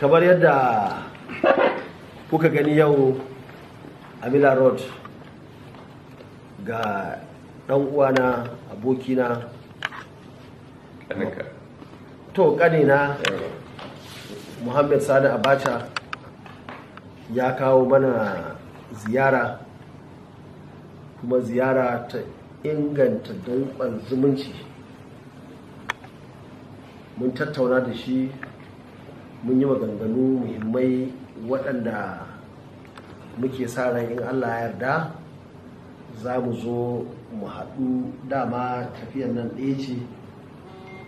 kamar yadda kuka gani yau a mila road ga dan uwana abokina to kanina muhammad sani abacha ya kawo mana ziyara kuma ziyara ta inganta danƙon zumunci mun tattauna da shi mun yi maganganu muhimmai waɗanda muke sa ran in allah ya yarda za mu zo mu haɗu dama tafiyan nan ɗaya ce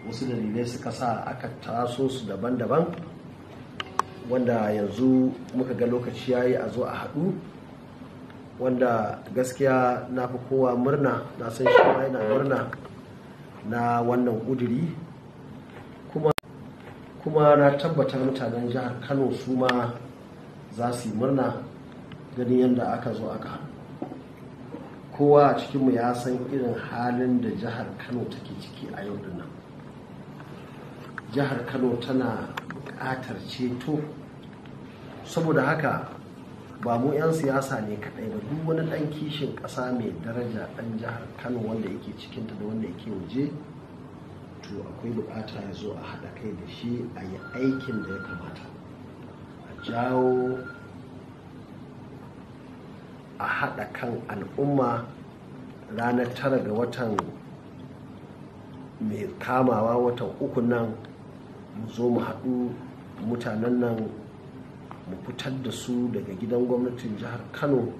wasu dalilai suka sa aka taso su daban-daban wanda yanzu muka ga lokaci ya yi a zo a haɗu wanda gaskiya na fi kowa murna na san shi yana murna na wannan ƙuduri kuma na tabbata mutanen jihar kano su ma za su yi murna ganin yadda aka zo aka kowa a cikinmu ya san irin halin da jihar kano take ciki a yau dinnan jihar kano tana bukatar ceto saboda haka ba mu 'yan siyasa ne kaɗai ba duk wani ɗan kishin ƙasa mai daraja ɗan jihar kano wanda yake cikinta da wanda yake waje to akwai bukata ya zo a haɗa kai da shi a yi aikin da ya kamata a jawo a haɗa kan al'umma ranar tara ga watan mai kamawa watan uku nan mu zo mu haɗu mutanen nan mu fitar da su daga gidan gwamnatin jihar kano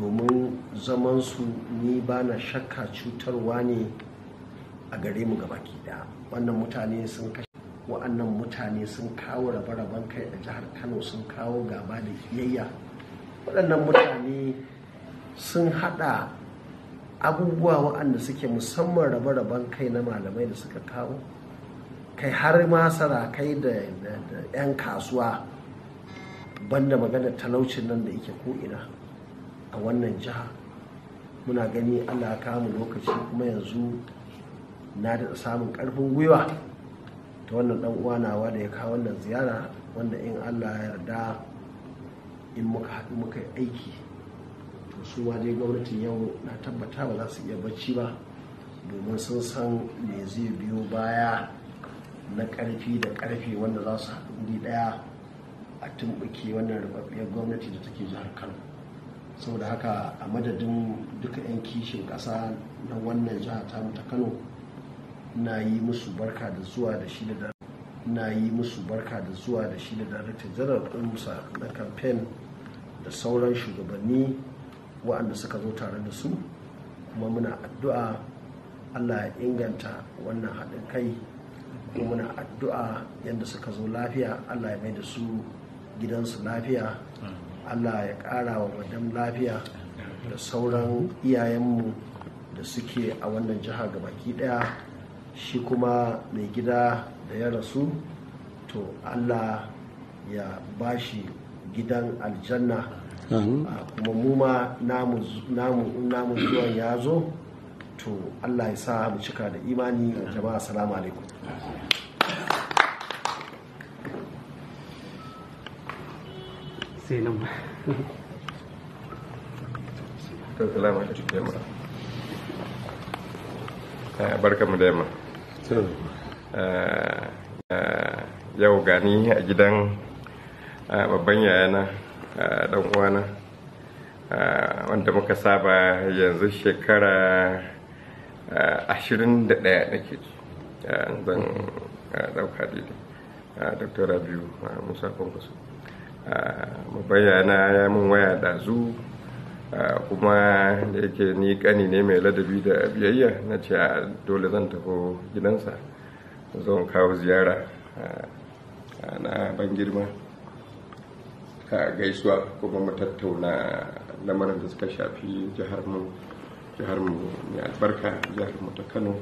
domin zamansu ni ba na shakka cutarwa ne a gare mu gaba da wannan mutane sun kashe wa'annan mutane sun kawo rabe-raben kai a jihar kano sun kawo gaba da kiyayya waɗannan mutane sun haɗa abubuwa wa'anda suke musamman rabe-raben kai na malamai da suka kawo kai har ma sarakai da 'yan kasuwa banda magana talaucin nan da yake ko'ina a wannan jiha muna gani allah kawo kamu lokaci kuma yanzu na daɗa samun ƙarfin gwiwa ta wannan ɗan uwa nawa da ya kawo wannan ziyara wanda in allah ya yarda in muka haɗu muka yi aiki to su ma dai gwamnatin yau na tabbata ba za su iya bacci ba domin sun san me zai biyo baya na ƙarfi da ƙarfi wanda za su haɗu ɗaya a tumɓuke wannan rubabbiyar gwamnati da take jihar kano saboda haka a madadin duka 'yan kishin ƙasa na wannan jiha ta kano na yi musu barka da zuwa da shi da na yi musu barka da zuwa da shi da darakta na kamfen da sauran shugabanni waɗanda suka zo tare da su kuma muna addu'a allah ya inganta wannan haɗin kai kuma muna addu'a yadda suka zo lafiya allah ya mai da su gidansu lafiya allah ya ƙara wa madam lafiya da sauran iyayenmu da suke a wannan jiha gabaki ɗaya shi kuma mai gida da ya rasu to allah ya shi gidan aljanna ah, kuma mu ma namu zuwan ya zo to allah ya sa mu cika da imani jama'a salamu alaikum sai nan ba mu da yamma yau gani a gidan babban yayana dan uwana wanda muka saba yanzu shekara ashirin da ɗaya nake zan ɗauka daidai dr rabiu musa kwankwaso babban yayana ya mun waya dazu. kuma da yake ni kani ne mai ladabi da biyayya na ce dole zan tafi gidansa zan kawo ziyara na ban girma ka gaisuwa kuma mu tattauna lamarin da suka shafi jihar mu jihar mu mai albarka jihar mu ta kano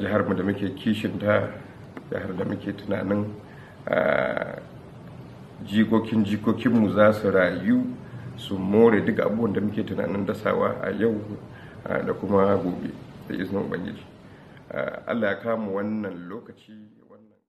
jihar mu da muke kishin ta jihar da muke tunanin jikokin mu za su rayu su more duk abubuwan da muke tunanin dasawa a yau da kuma gobe da izinin ubangiji allah ya kama wannan lokaci